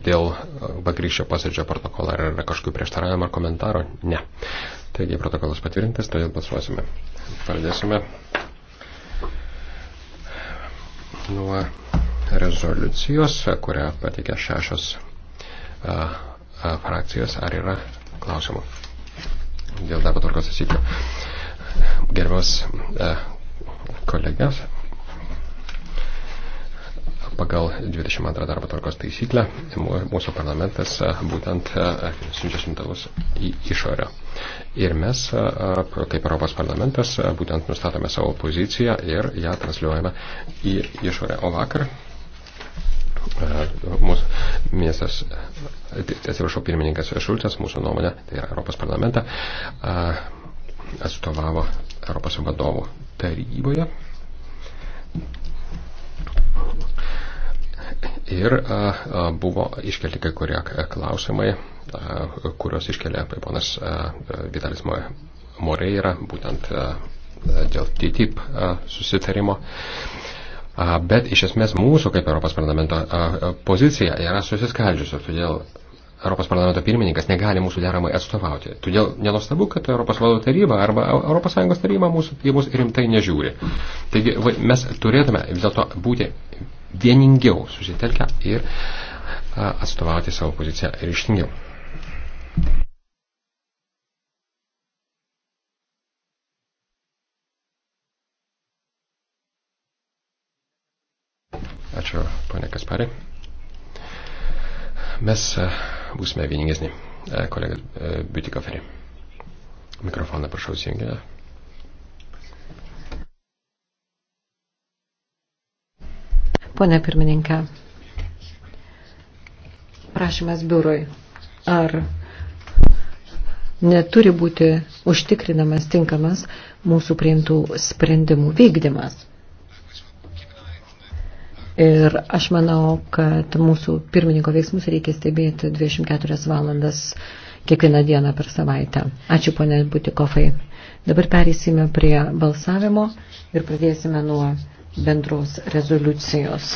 dėl vakarykščio posėdžio protokolo. Ar yra kažkokių prieštaravimų ar komentarų? Ne. Taigi protokolas patvirtintas, todėl balsuosime. Pradėsime nuo rezoliucijos, kurią patikė šešios a, a, frakcijos. Ar yra klausimų? Dėl darbo tvarkos įsikio. Gerbiamas kolegės, pagal 22 darbo tvarkos taisyklę mūsų parlamentas būtent siunčia siuntalus į išorę. Ir mes, kaip Europos parlamentas, būtent nustatome savo poziciją ir ją transliuojame į išorę. O vakar mūsų miestas, tai, atsiprašau, pirmininkas Šulcas, mūsų nuomonė, tai yra Europos parlamentą, atstovavo Europos vadovų taryboje. Ir buvo iškelti kai kurie klausimai, kuriuos iškelia ponas Vitalis Moreira, būtent dėl TTIP susitarimo. Bet iš esmės mūsų kaip Europos parlamento pozicija yra susiskaldžiusi, todėl Europos parlamento pirmininkas negali mūsų deramai atstovauti. Todėl nenostabu, kad Europos vadovų taryba arba ES taryba mūsų į mus rimtai nežiūri. Taigi mes turėtume vis dėlto būti vieningiau susitelkę ir atstovauti savo poziciją ryštingiau. Ačiū, ponė Kasparė. Mes būsime vieningesni, kolega Biutikoferi. Mikrofoną prašau įsijungę. Pone pirmininkė, prašymas biurui, ar neturi būti užtikrinamas tinkamas mūsų priimtų sprendimų vykdymas? Ir aš manau, kad mūsų pirmininko veiksmus reikia stebėti 24 valandas kiekvieną dieną per savaitę. Ačiū, ponė Butikofai. Dabar pereisime prie balsavimo ir pradėsime nuo bendros rezoliucijos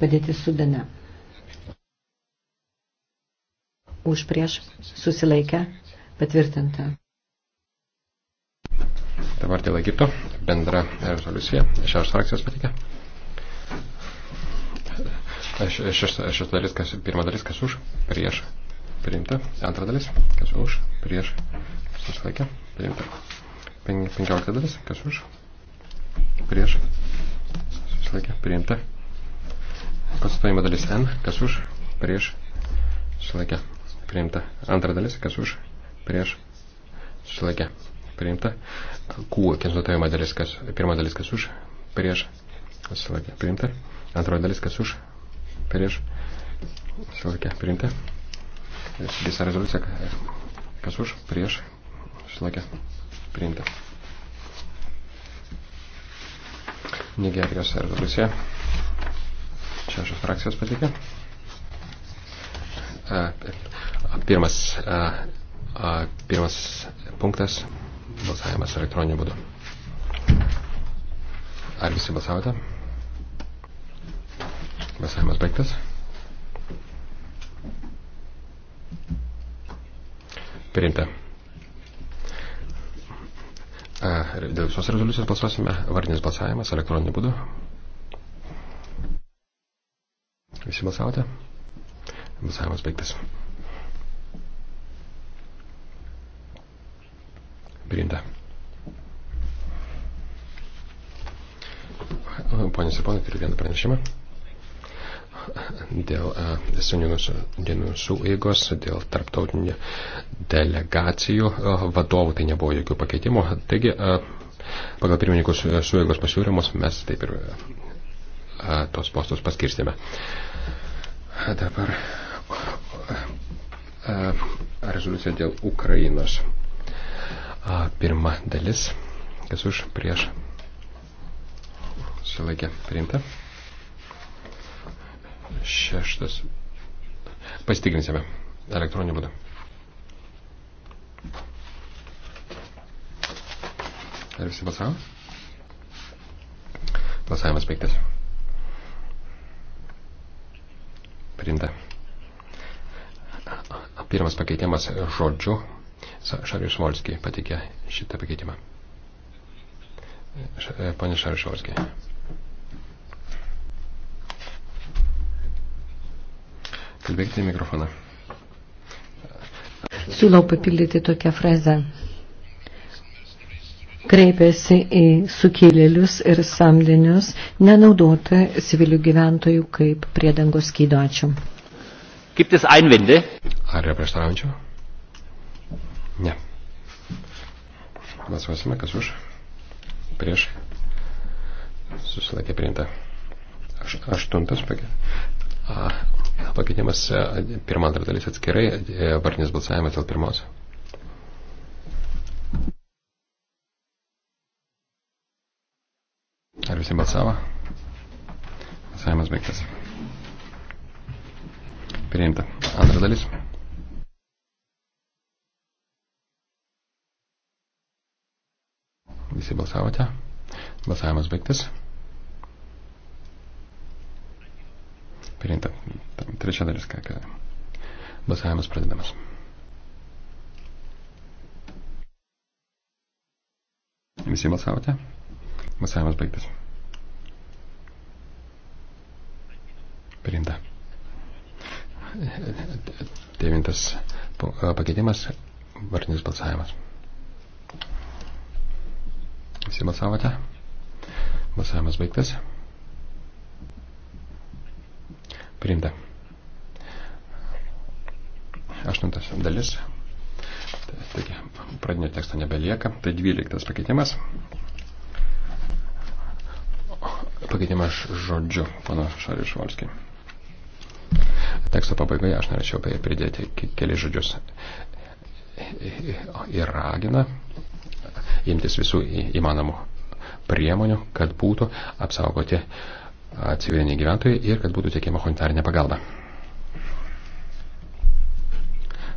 padėti Sudane. Už prieš susilaikę patvirtinta. Dabar dėl Egipto bendra rezoliucija. Šešios frakcijos patikė. Šešta dalis, kas, pirma dalis, kas už, prieš, priimta. Antra dalis, kas už, prieš, susilaikė, priimta. Penkiolikta dalis, kas už, prieš, susilaikė, priimta. Konstatuojama dalis N, kas už, prieš, susilaikė, priimta. Antra dalis, kas už, prieš, susilaikė, priimta. Q, konstatuojama dalis, kas, pirma dalis, kas už, prieš, susilaikė, priimta. Antroji dalis, kas už, prieš, susilaikė, priimta. Visa rezoliucija, kas už, prieš, susilaikė, priimta. Nigerijos rezoliuciją. Šešios frakcijos patikė. Pirmas, pirmas punktas - balsavimas elektroniniu būdu. Ar visi balsavote? Balsavimas baigtas. Priimta. Dėl visos rezoliucijos balsuosime vardinis balsavimas elektroniniu būdu. Visi balsavote? Balsavimas baigtas. Priimta. Ponios ir ponai, turiu vieną pranešimą dėl visuomenės dienų sueigos, dėl tarptautinių delegacijų vadovų, tai nebuvo jokių pakeitimų. Taigi, pagal pirmininkus sueigos pasiūlymus mes taip ir tos postus paskirstėme. Dabar rezoliucija dėl Ukrainos. Pirma dalis, kas už prieš sulaikė priimta šeštas. Pasitikrinsime elektroninį būdą. Ar visi balsavo? Balsavimas baigtas. Priimta. Pirmas pakeitimas žodžiu. Šarius Volskiai patikė šitą pakeitimą. E, Pane Šarius Volskiai. Kalbėkite mikrofoną. Siūlau papildyti tokią frazę. Kreipėsi į sukilėlius ir samdinius nenaudoti civilių gyventojų kaip priedangos skydo. Ačiū. Gibt es Einwände? Ar yra prieštaraujančių? Ne. Balsuosime, kas už. Prieš. Susilaikė priimta. Aš, aštuntas pakė. Pakeitimas e, pirmą antrą dalis atskirai, e, vardinis balsavimas dėl pirmos. Ar visi balsavo? Balsavimas baigtas. Priimta. Antra dalis. Visi balsavote? Balsavimas baigtas. Priimta. Trečia dalis, ką ką. Balsavimas pradedamas. Visi balsavote? Balsavimas baigtas. Priimta. Devintas pakeitimas, vartinis balsavimas. Visi balsavote? Balsavimas baigtas. Priimta. Aštuntas dalis. Taigi, pradinio teksto nebelieka. Tai dvyliktas pakeitimas. Pakeitimas žodžiu, pano Šarišvalskiai. Teksto pabaigoje aš norėčiau pridėti keli žodžius. Ir ragina imtis visų įmanomų priemonių, kad būtų apsaugoti uh, civiliniai gyventojai ir kad būtų tiekiama humanitarinė pagalba.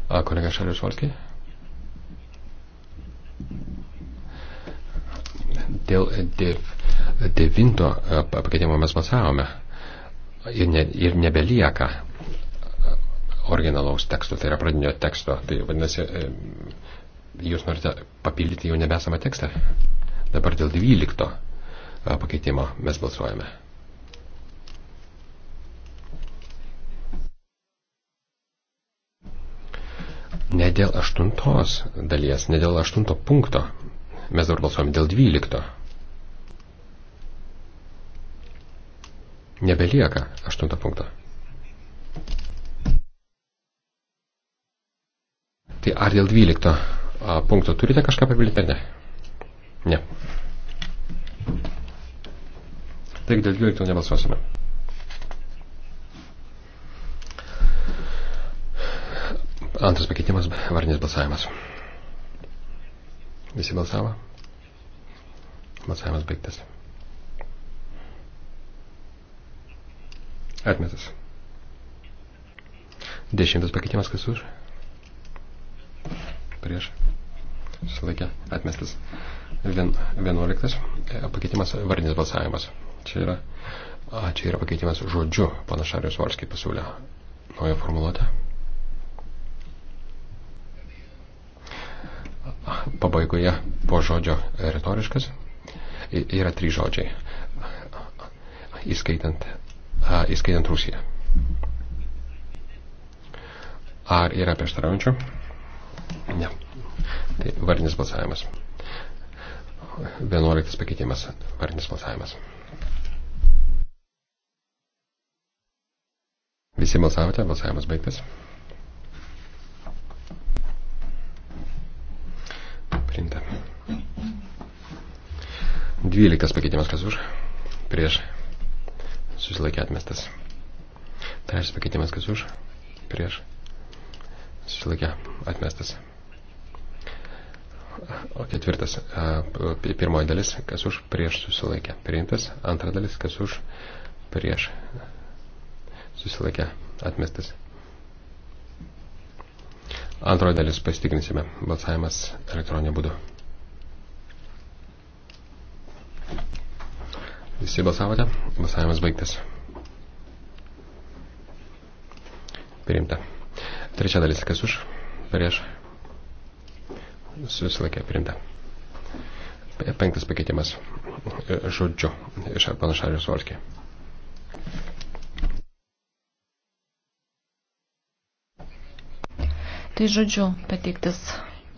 A, kolega Šalius Volskiai. Dėl dev, devinto pakeitimo mes balsavome ir, ne, ir nebelieka originalaus teksto, tai yra pradinio teksto. Tai vadinasi, jūs norite papildyti jau nebesamą tekstą. Dabar dėl dvylikto pakeitimo mes balsuojame. Ne dėl aštuntos dalies, ne dėl aštunto punkto. Mes dabar balsuojame dėl dvylikto. Nebelieka aštunto punkto. Tai ar dėl dvylikto punkto turite kažką papildyti ar ne? Ne. Taigi dėl dvylikto nebalsuosime. Antras pakeitimas - varnis balsavimas. Visi balsavo? Balsavimas baigtas. Atmetas. Dešimtas pakeitimas kas už? Prieš. Susilaikė. Atmestas. Vien, vienuoliktas. E, pakeitimas vardinis balsavimas. Čia yra, a, čia yra pakeitimas žodžiu. Panašarius Varskiai pasiūlė naują formuluotę. pabaigoje po žodžio retoriškas yra trys žodžiai, įskaitant, įskaitant Rusiją. Ar yra prieštaraujančių? Ne. Tai vardinis balsavimas. 11 pakeitimas, vardinis balsavimas. Visi balsavote, balsavimas baigtas. 12 pakeitimas kas už, prieš susilaikė atmestas. Trečias pakeitimas kas už, prieš susilaikė atmestas. O ketvirtas, pirmoji dalis, kas už, prieš susilaikė priimtas, antra dalis, kas už, prieš susilaikė atmestas. Antroji dalis pasitikrinsime balsavimas elektroninė būdu. Visi balsavote? Balsavimas baigtas. Priimta. Trečia dalis, kas už, prieš, susilaikė, priimta. Penktas pakeitimas e, žodžiu iš panašarijos valskė. Tai žodžiu pateiktas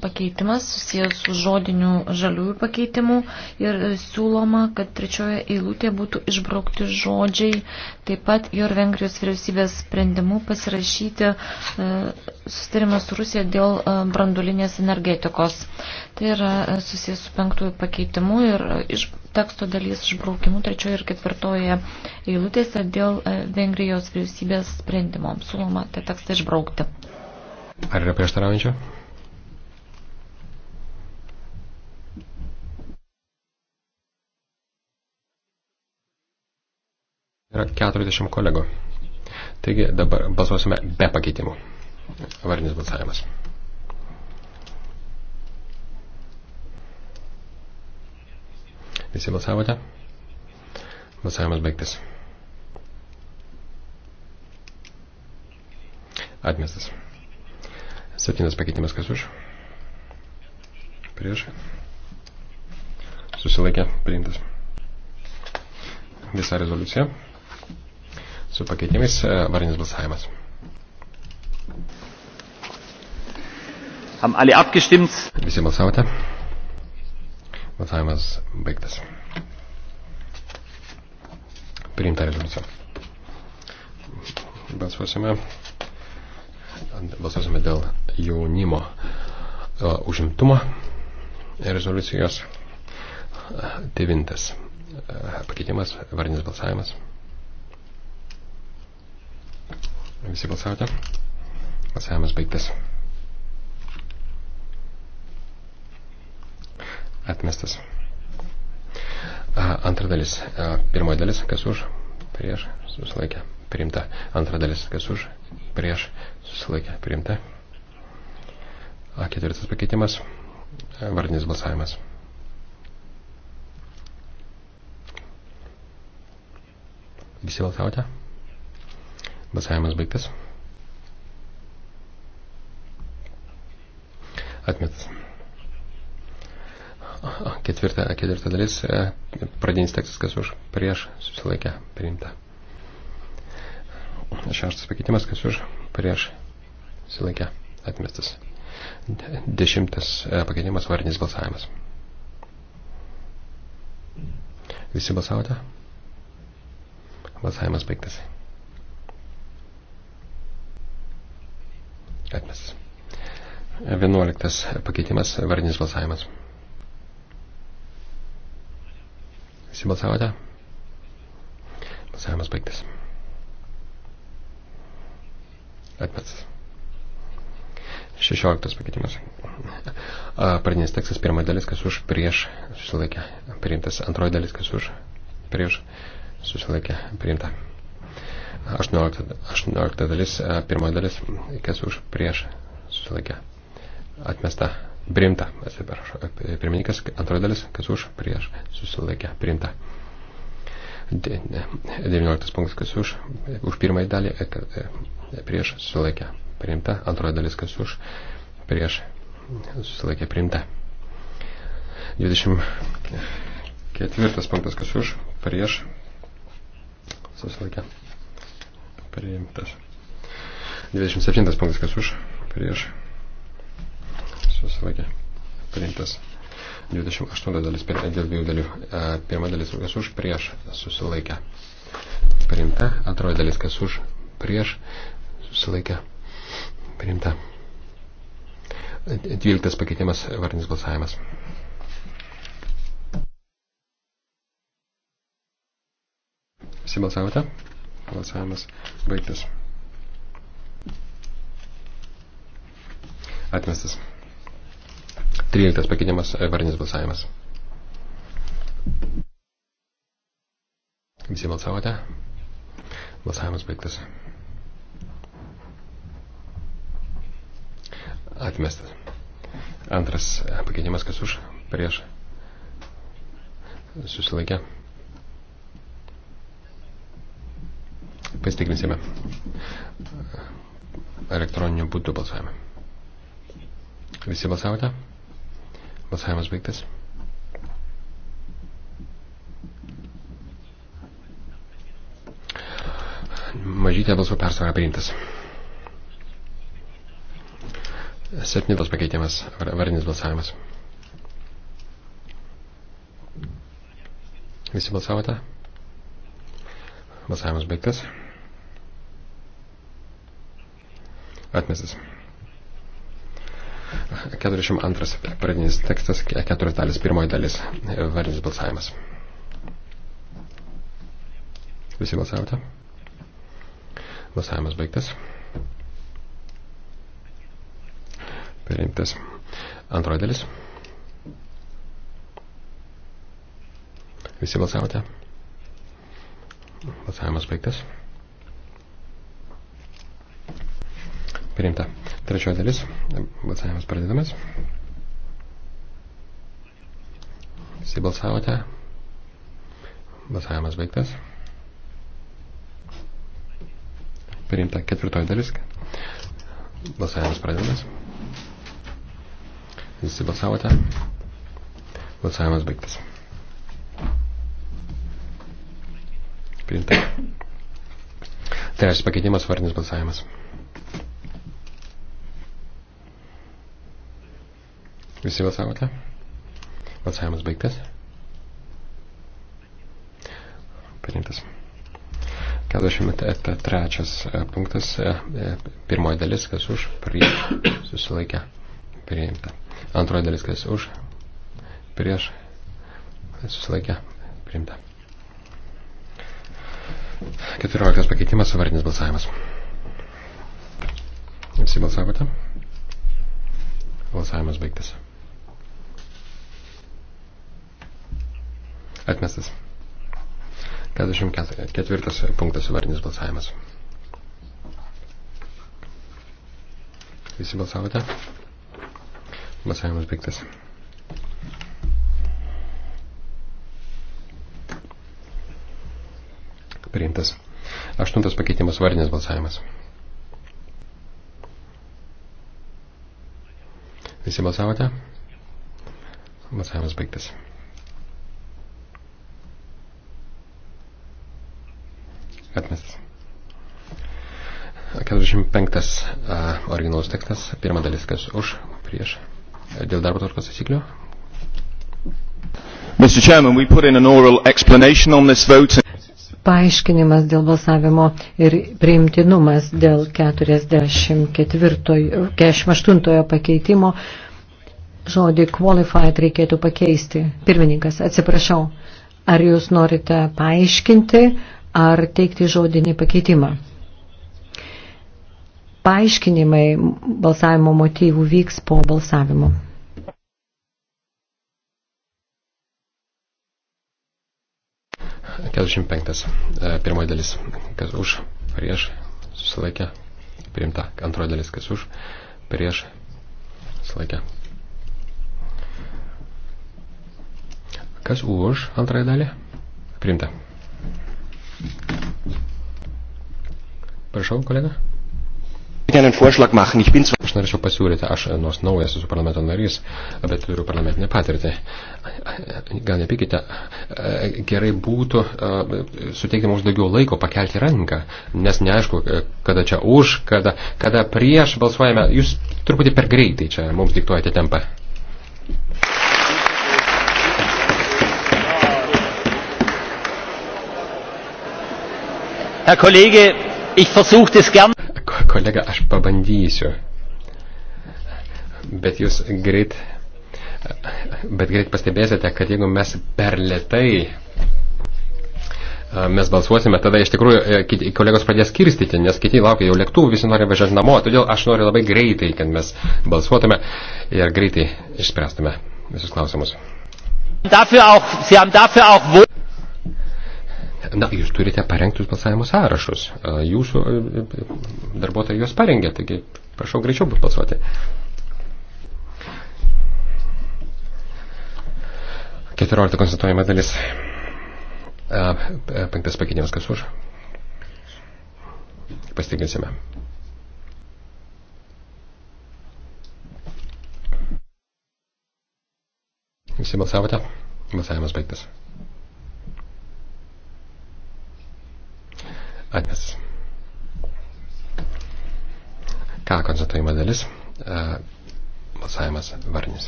pakeitimas susijęs su žodiniu žaliųjų pakeitimu ir siūloma, kad trečioje eilutėje būtų išbraukti žodžiai, taip pat ir Vengrijos vyriausybės sprendimu pasirašyti e, sustarimą su Rusija dėl e, brandulinės energetikos. Tai yra e, susijęs su penktųjų pakeitimu ir iš teksto dalies išbraukimų trečioje ir ketvirtoje eilutėse dėl Vengrijos vyriausybės sprendimo. Siūloma tą tekstą išbraukti. Ar yra prieštaraujančio? Yra 40 kolegų. Taigi dabar balsuosime be pakeitimų. Varinis balsavimas. Visi balsavote? Balsavimas baigtas. Atmestas. Septynas pakeitimas kas už? Prieš. Susilaikė, priimtas. Visa rezoliucija su pakeitimais e, varinis balsavimas. Visi balsavote? Balsavimas baigtas. Priimta rezoliucija. Balsuosime. Balsuosime dėl jaunimo uh, užimtumo rezoliucijos. Devintas uh, pakeitimas, varinis balsavimas. Visi balsavote? Balsavimas baigtas. Atmestas. Antra dalis. Pirmoji dalis, kas už, prieš, susilaikė, priimta. Antra dalis, kas už, prieš, susilaikė, priimta. A, ketvirtas pakeitimas, vardinis balsavimas. Visi balsavote? Balsavimas baigtas. Atmet. Ketvirta, ketvirta dalis. E, pradinis tekstas, kas už prieš susilaikę priimta. Šeštas pakeitimas, kas už prieš susilaikę atmestas. Dešimtas e, pakeitimas vardinis balsavimas. Visi balsavote? Balsavimas baigtas. 11 pakeitimas vardinis balsavimas. Visi balsavote? Balsavimas baigtas. Atmestas. 16 pakeitimas. Pradinis tekstas, pirma dalis, kas už, prieš, susilaikė, priimtas. Antroji dalis, kas už, prieš, susilaikė, priimta. 18, 18 dalis, pirma dalis, kas už, prieš, susilaikė, atmesta, priimta, atsiprašau, pirmininkas, antroji dalis, kas už, prieš, susilaikė, priimta. 19 punktas, kas už, už pirmąjį dalį, e, e, prieš, susilaikė, priimta, antroji dalis, kas už, prieš, susilaikė, priimta. 24 punktas, kas už, prieš, susilaikė, priimtas. 27 punktas, kas už, prieš, susilaikė priimtas. 28 dalis dėl dviejų dalių. E, pirma dalis, kas už, prieš, susilaikė. Priimta. Antroji dalis, kas už, prieš, susilaikė. Priimta. 12 pakeitimas, vardinis balsavimas. Visi balsavote? Balsavimas baigtas. Atmestas. 13 pakeitimas e, varnis balsavimas. Visi balsavote? Balsavimas baigtas. Atmestas. Antras e, pakeitimas, kas už, prieš. Susilaikė. Pasitikrinsime elektroniniu būdu balsavimą. Visi balsavote? Balsavimas baigtas. Mažytė balsų persvara priimtas. Septintas pakeitimas, varinis balsavimas. Visi balsavote? Balsavimas baigtas. Atmestas. 42 pradinis tekstas, 4 dalis, 1 dalis, vardinis balsavimas. Visi balsavote? Balsavimas baigtas. Perimtas. Antroji dalis. Visi balsavote? Balsavimas baigtas. Perimta. Trečioji dalis. Balsavimas pradedamas. Visi balsavote. Balsavimas baigtas. Priimta ketvirtoji dalis. Balsavimas pradedamas. Visi balsavote. Balsavimas baigtas. Priimta. Trečias pakeitimas, vardinis balsavimas. Visi balsavote? Balsavimas baigtas. Priimtas. 43 e, punktas, e, e, pirmoji dalis, kas už, prieš, susilaikę, priimta. Antroji dalis, kas už, prieš, susilaikę, priimta. 14 pakeitimas, suvardinis balsavimas. Visi balsavote? Balsavimas baigtas. Atmestas. 44 punktas vardinis balsavimas. Visi balsavote? Balsavimas baigtas. Priimtas. Aštuntas pakeitimas vardinis balsavimas. Visi balsavote? Balsavimas baigtas. Atmestas. 45 originalus tekstas, pirma dalis, kas už, prieš, dėl darbo tvarkos taisyklių. Mr. Chairman, we put in an oral explanation on this vote. Paaiškinimas dėl balsavimo ir priimtinumas dėl 48 pakeitimo žodį qualified reikėtų pakeisti. Pirmininkas, atsiprašau, ar jūs norite paaiškinti, ar teikti žodinį pakeitimą. Paaiškinimai balsavimo motyvų vyks po balsavimo. Keturiasdešimt penktas. E, pirmoji dalis. Kas už, prieš, susilaikė, priimta. Antroji dalis. Kas už, prieš, susilaikė, Kas už antrąją dalį? Primta. Prašau, kolega. Aš norėčiau pasiūlyti, aš e, nors naujas esu parlamento narys, bet turiu parlamentinę patirtį. Gal nepykite, e, gerai būtų e, suteikti mums daugiau laiko pakelti ranką, nes neaišku, kada čia už, kada, kada prieš balsuojame. Jūs truputį per greitai čia mums diktuojate tempą. Herr Kollege, ich versuche das gern. Kolega, aš pabandysiu. Bet jūs greit, bet greit pastebėsite, kad jeigu mes per lietai mes balsuosime, tada iš tikrųjų e, kolegos pradės kirstyti, nes kiti laukia jau lėktuvų, visi nori važiuoti namo, todėl aš noriu labai greitai, kad mes balsuotume ir greitai išspręstume visus klausimus. Dafür auch, Sie haben dafür auch Na, jūs turite parengtus balsavimo sąrašus. E, jūsų e, e, darbuotojai juos parengė, taigi prašau greičiau bus balsuoti. Keturiolika konstatuojama dalis. Penktas pakeitimas kas už? Pastikrinsime. Visi balsavote? Balsavimas baigtas. Balsavimas varnis.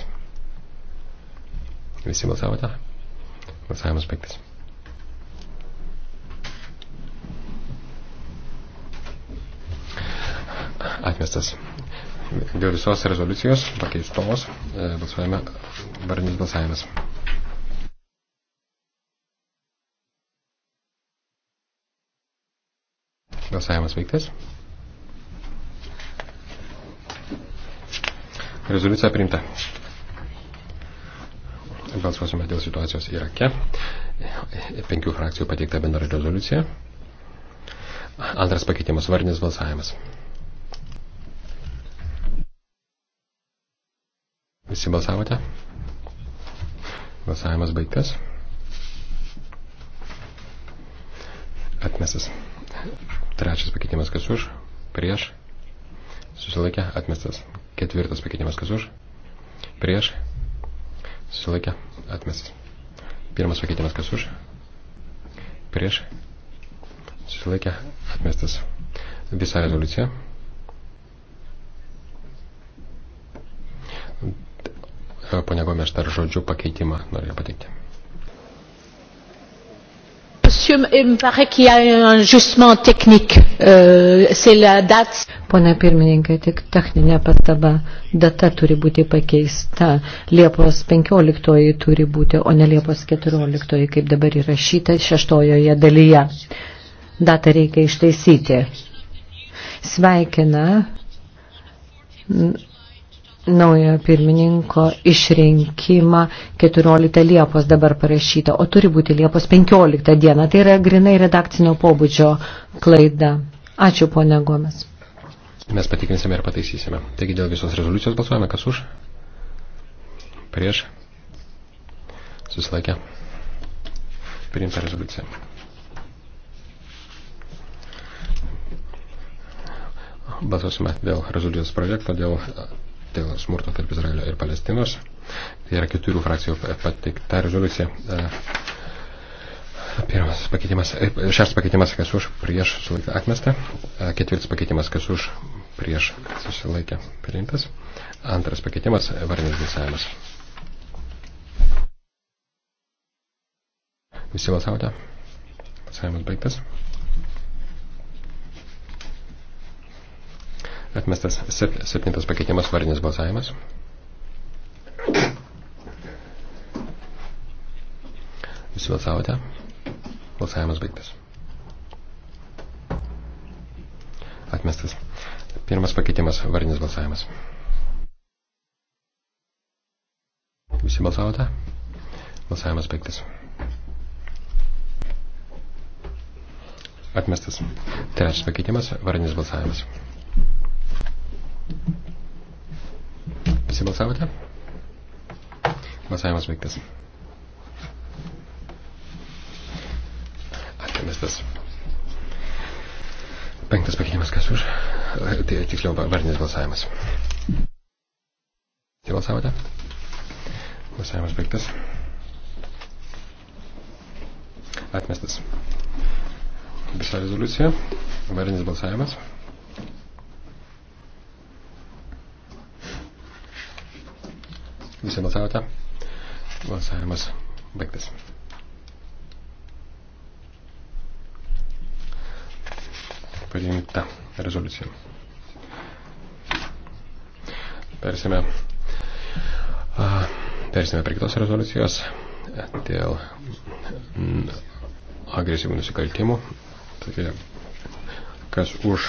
Visi balsavote? Balsavimas baigtas. Atmestas. Dėl visos rezoliucijos pakeistomos e, balsuojame varnis balsavimas. Balsavimas baigtas. Rezoliucija priimta. Balsuosime dėl situacijos Irake. Penkių frakcijų pateikta bendra rezoliucija. Antras pakeitimas vardinis balsavimas. Visi balsavote? Balsavimas baigtas. Atmestas. Trečias pakeitimas kas už, prieš, susilaikė, atmestas. Ketvirtas pakeitimas kas už? Prieš. Susilaikė. Atmestas. Pirmas pakeitimas kas už? Prieš. Susilaikė. Atmestas. Visa rezoliucija. Pone Gomeš, dar žodžių pakeitimą norėjau pateikti. Monsieur, il me paraît qu'il y a un ajustement technique. Euh, C'est la date. Pone pirmininkė, tik techninė pastaba. Data turi būti pakeista. Liepos 15 turi būti, o ne Liepos 14, kaip dabar įrašyta šeštojoje dalyje. Datą reikia ištaisyti. Sveikina naujo pirmininko išrinkimą 14 Liepos dabar parašyta, o turi būti Liepos 15 diena. Tai yra grinai redakcinio pobūdžio klaida. Ačiū, ponia Gomes. Mes patikrinsime ir pataisysime. Taigi dėl visos rezoliucijos balsuojame, kas už, prieš, susilaikė, priimta rezoliucija. Balsuosime dėl rezoliucijos projekto, dėl, dėl smurto tarp Izraelio ir Palestinos. Tai yra keturių frakcijų pateikta rezoliucija. E, pirmas pakeitimas, e, šeštas pakeitimas, kas už, prieš, sulaikė atmestą. E, ketvirtas pakeitimas, kas už, prieš susilaikę priimtas. Antras pakeitimas - varinis balsavimas. Visi balsavote? Balsavimas baigtas. Atmestas septintas pakeitimas - varinis balsavimas. Visi balsavote? Balsavimas baigtas. Atmestas Pirmas pakeitimas, vardinis balsavimas. Visi balsavote? Balsavimas baigtas. Atmestas. Trečias pakeitimas, vardinis balsavimas. Visi balsavote? Balsavimas baigtas. Atmestas. Penktas pakeitimas, kas už? tai tiksliau vardinis balsavimas. Tai balsavote? Balsavimas baigtas. Atmestas. Visa rezoliucija. Varinis balsavimas. Visi balsavote. Balsavimas baigtas. Priimta rezoliuciją. Persime, persime prie kitos rezoliucijos dėl agresyvų nusikaltimų. Taigi, kas už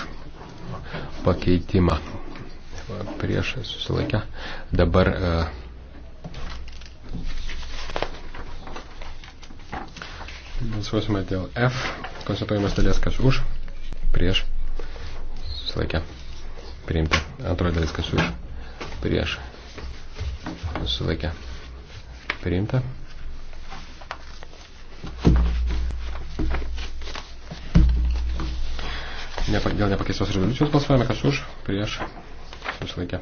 pakeitimą prieš susilaikę. Dabar balsuosime dėl F, konstatuojamas dalies, kas už, prieš susilaikė priimta. Antroji dalis, kas už, prieš, susilaikė priimta. Nepa, dėl nepakeistos rezoliucijos balsuojame, kas už, prieš, susilaikė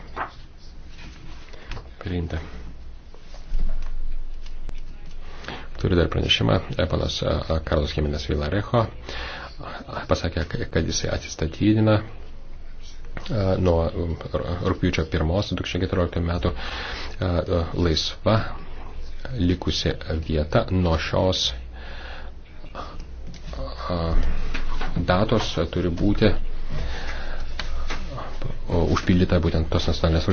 priimta. Turiu dar pranešimą. E, panas e, Karlos Cheminas Vilarejo pasakė, kad jisai atsistatydina nuo um, rūpjūčio 1-2014 metų laisva likusi vieta nuo šios datos turi būti užpildyta būtent tos nacionalinės